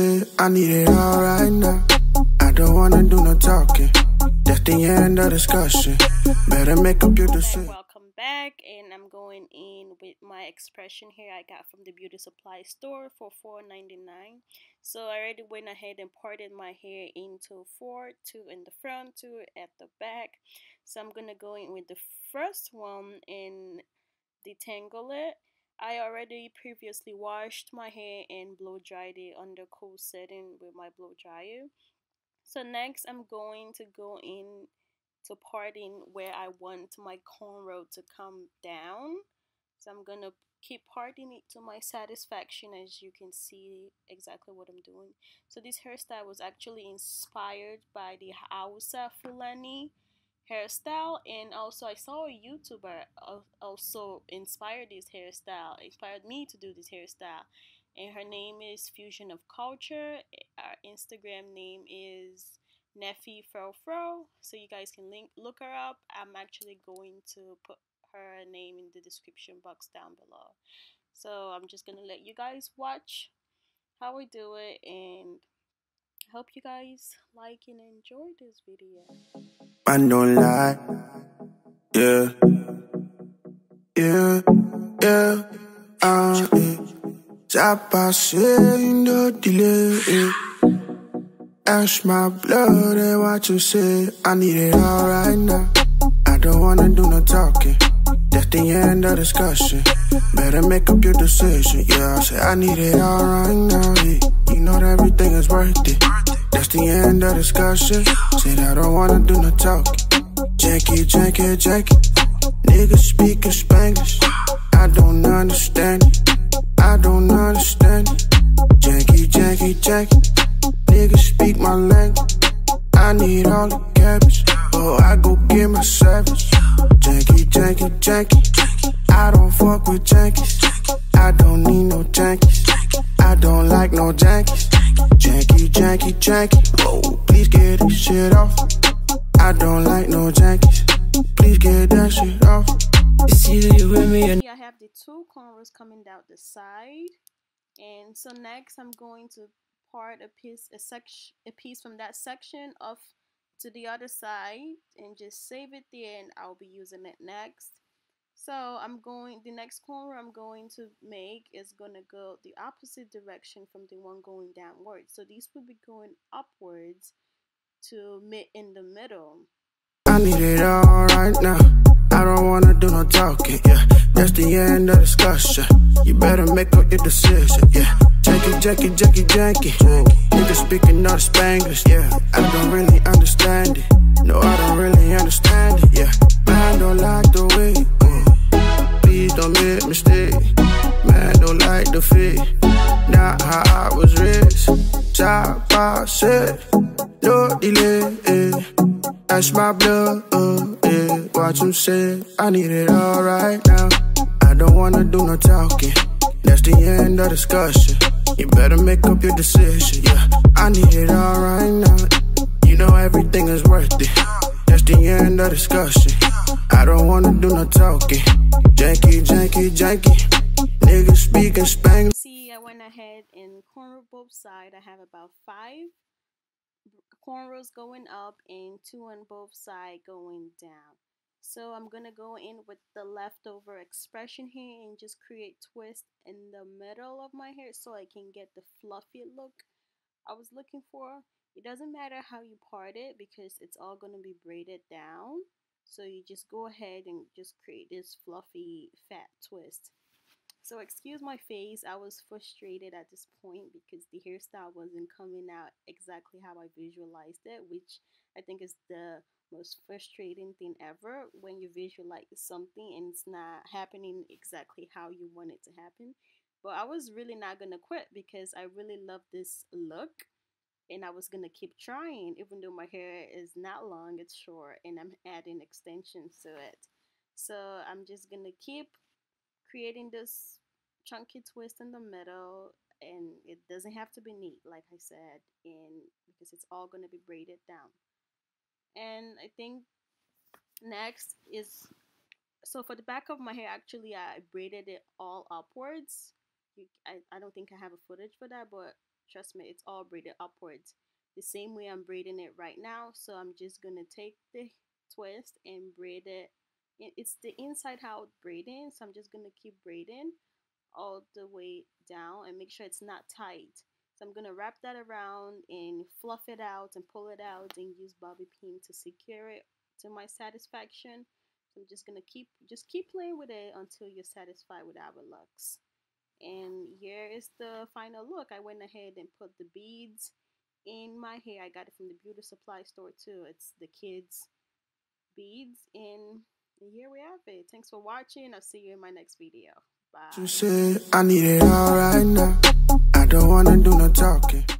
Eh, I need it all right now. I don't wanna do no talking. That's the end of discussion. Better make up your decision. Welcome back, and I'm going in with my expression here I got from the beauty supply store for $4.99. So I already went ahead and parted my hair into four, two in the front, two at the back. So I'm gonna go in with the first one and detangle it I already previously washed my hair and blow dried it under cool setting with my blow dryer. So next I'm going to go in to parting where I want my cornrow to come down. So I'm going to keep parting it to my satisfaction as you can see exactly what I'm doing. So this hairstyle was actually inspired by the Hausa Fulani hairstyle and also i saw a youtuber also inspired this hairstyle inspired me to do this hairstyle and her name is fusion of culture eh, our instagram name is Neffy Fro Fro. So you guys can link look her up. I'm actually going to put her name in the description box down below. So I'm just gonna let you guys watch how we do it and hope you guys like and enjoy this video. I don't lie. Yeah. Yeah, yeah, ah, eh. Ça passe une autre delay, Ash my blood and eh, what you say. I need it all right now. I don't wanna do no talking. That's the end of discussion. Better make up your decision. Yeah, I say I need it all right now. Yeah. You know that everything is worth it. That's the end of discussion. Said I don't wanna do no talk. Janky, janky, janky. Niggas speaking Spanish. I don't understand it. I don't understand it. Janky, janky, janky. Niggas speak my language. I need all the cabbage. Oh, I go get my savage. Janky, janky, janky. I don't fuck with jankies. I don't need no jankies. I don't like no jankies janky. Oh, please get this shit off. I don't like no jankies. Please get that shit off. It's with me I have the two cornrows coming down the side. And so next I'm going to part a piece a section a piece from that section off to the other side and just save it there and I'll be using it next. So I'm going, the next corner I'm going to make is going to go the opposite direction from the one going downwards. So these will be going upwards to mid in the middle. I need it all right now. I don't want to do no talking, yeah. That's the end of discussion. You better make up your decision, yeah. Janky, janky, janky, janky. Nigga speaking out of Spanglish, yeah. I don't really understand it. No, I don't really understand it. made mistake. Man, don't like the fit. Not how I was raised. Top I said, no delay. Yeah. That's my blood, uh, yeah. Watch him say, I need it all right now. I don't wanna do no talking. That's the end of discussion. You better make up your decision, yeah. I need it all right now. You know everything is worth it. That's the end of discussion. I don't wanna do no talking. Janky, janky, janky. Niggas speaking Spanish. See, I went ahead and corner both side. I have about five cornrows going up and two on both side going down. So I'm gonna go in with the leftover expression here and just create twist in the middle of my hair so I can get the fluffy look I was looking for. It doesn't matter how you part it because it's all going to be braided down. So you just go ahead and just create this fluffy fat twist. So excuse my face, I was frustrated at this point because the hairstyle wasn't coming out exactly how I visualized it, which I think is the most frustrating thing ever when you visualize something and it's not happening exactly how you want it to happen. But I was really not going to quit because I really love this look and I was gonna keep trying even though my hair is not long it's short and I'm adding extensions to it so I'm just gonna keep creating this chunky twist in the middle and it doesn't have to be neat like I said and because it's all gonna be braided down and I think next is so for the back of my hair actually I braided it all upwards you, I, I don't think I have a footage for that but Trust me, it's all braided upwards. The same way I'm braiding it right now. So I'm just going to take the twist and braid it. It's the inside out braiding. So I'm just going to keep braiding all the way down and make sure it's not tight. So I'm going to wrap that around and fluff it out and pull it out and use bobby pin to secure it to my satisfaction. So I'm just going to keep, just keep playing with it until you're satisfied with our looks and here is the final look I went ahead and put the beads in my hair I got it from the beauty supply store too it's the kids beads and here we have it thanks for watching I'll see you in my next video bye you said I need it all right now I don't wanna do no talking